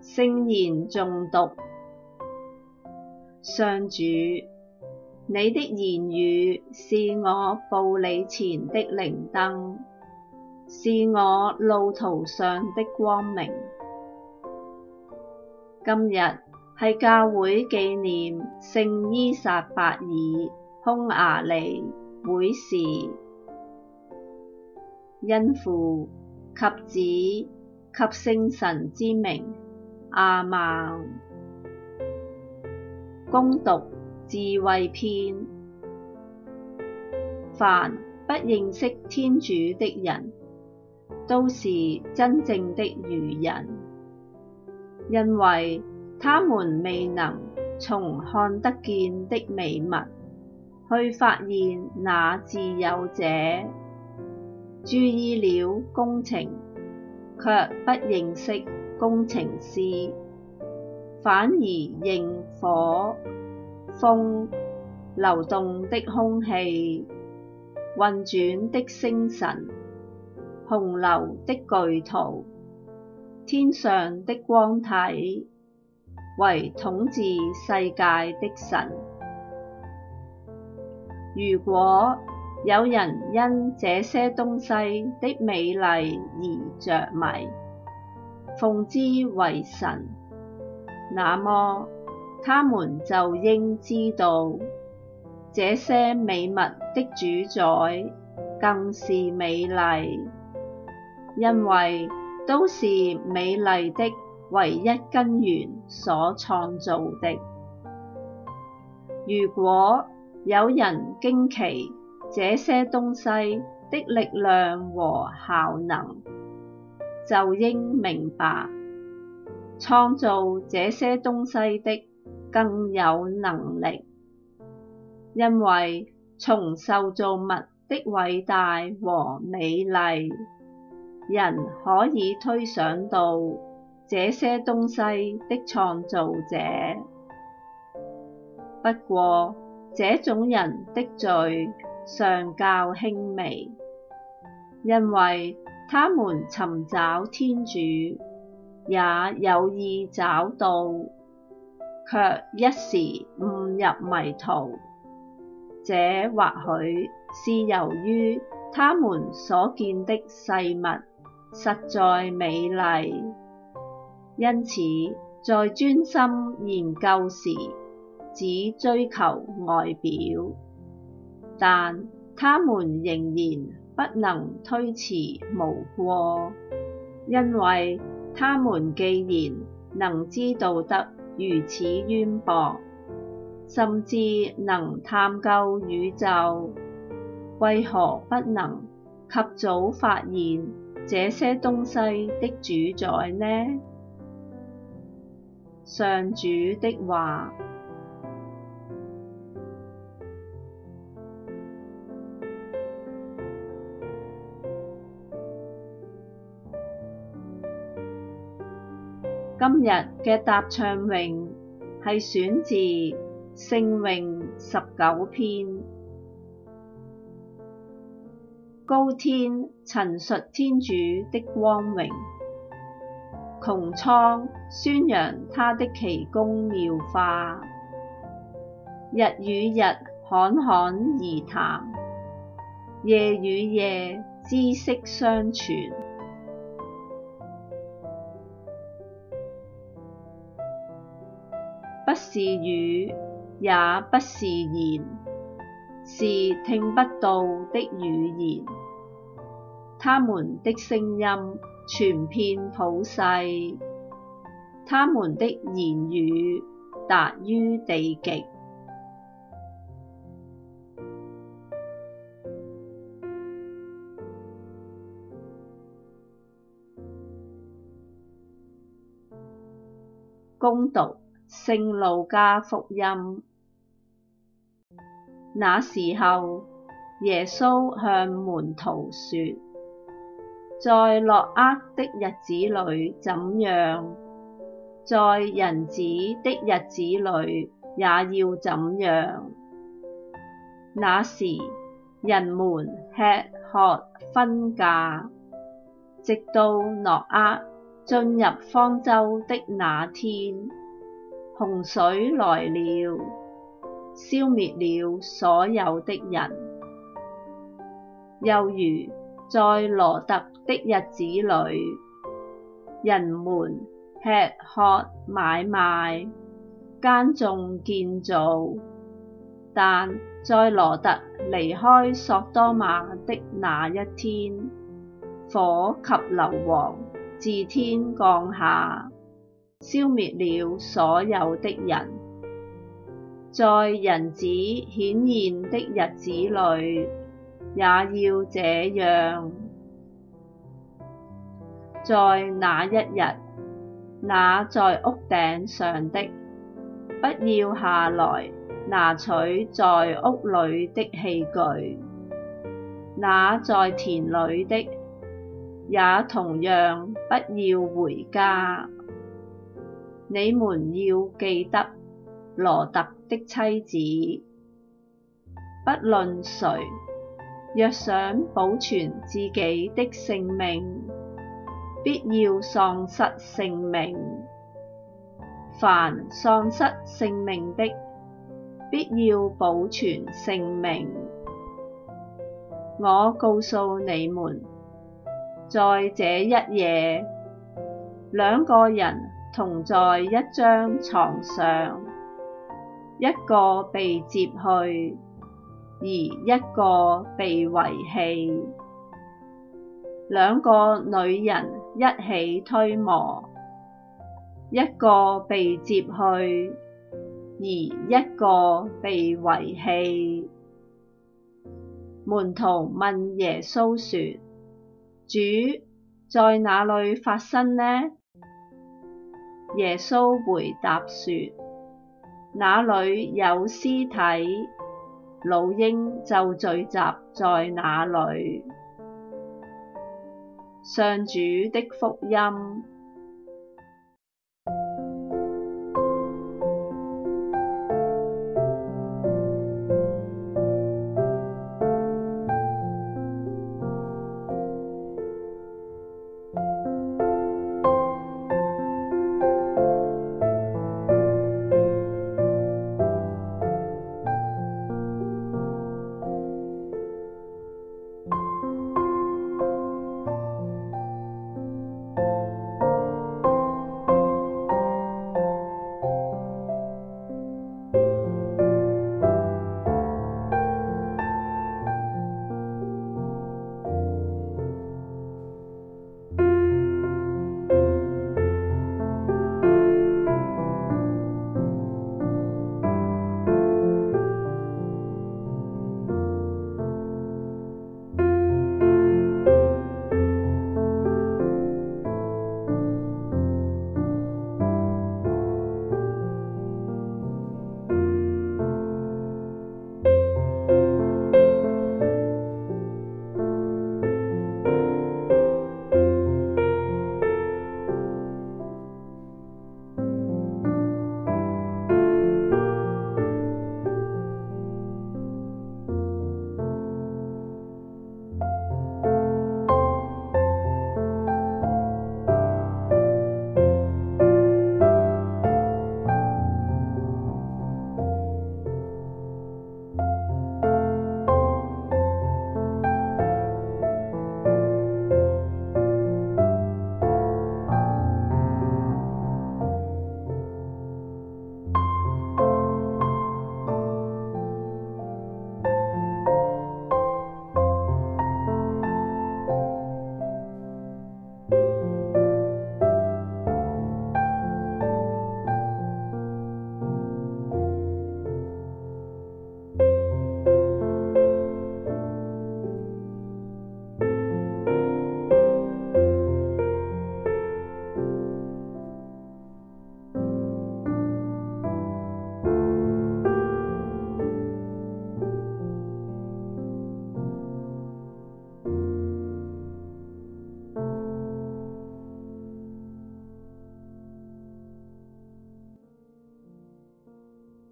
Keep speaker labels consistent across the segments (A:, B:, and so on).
A: 聖言重讀，上主，你的言語是我步履前的靈燈，是我路途上的光明。今日係教會紀念聖依撒伯爾、匈牙利會士，因父及子及聖神之名，阿孟。恭讀智慧篇：凡不認識天主的人，都是真正的愚人。因為他們未能從看得見的美物去發現那自有者，注意了工程，卻不認識工程師，反而認火、風、流動的空氣、運轉的星辰、洪流的巨濤。天上的光體為統治世界的神。如果有人因這些東西的美麗而着迷，奉之為神，那麼他們就應知道，這些美物的主宰更是美麗，因為。都是美麗的唯一根源所創造的。如果有人驚奇這些東西的力量和效能，就應明白，創造這些東西的更有能力，因為從受造物的偉大和美麗，人可以推想到這些東西的創造者，不過這種人的罪尚較輕微，因為他們尋找天主，也有意找到，却一時誤入迷途，這或許是由於他們所見的世物。實在美麗，因此在專心研究時，只追求外表，但他們仍然不能推辭無過，因為他們既然能知道得如此淵博，甚至能探究宇宙，為何不能及早發現這些東西的主宰呢？上主的話。今日嘅答唱詠係選自聖詠十九篇。高天陳述天主的光榮，穹蒼宣揚他的奇工妙化。日與日侃侃而談，夜與夜知識相傳。不是語，也不是言，是聽不到的語言。他們的聲音傳遍普世，他們的言語達於地極。 恭讀《聖路加福音》。那時候，耶穌向門徒說。在諾厄的日子裏怎樣，在人子的日子裏也要怎樣。那時人們吃喝婚嫁，直到諾厄進入方舟的那天，洪水來了，消滅了所有的人。又如。在羅特的日子裏，人們吃喝買賣、耕種建造。但在羅特離開索多瑪的那一天，火及硫磺自天降下，消滅了所有的人。在人子顯現的日子裏。也要這樣。在那一日，那在屋頂上的，不要下來拿取在屋裏的器具；那在田裏的，也同樣不要回家。你們要記得，羅特的妻子，不論誰，若想保存自己的性命，必要喪失性命；凡喪失性命的，必要保存性命。我告訴你們，在這一夜，兩個人同在一張床上，一個被接去。而一個被遺棄，兩個女人一起推磨，一個被接去，而一個被遺棄。門徒問耶穌説：主，在那裏發生呢？耶穌回答説：那裏有屍體，老鷹就聚集在那裏，上主的福音。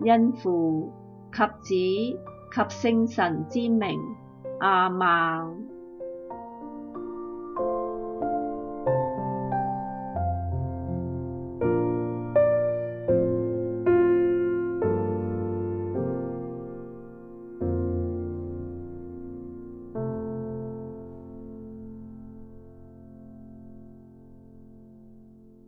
A: 因父及子及聖神之名，阿們。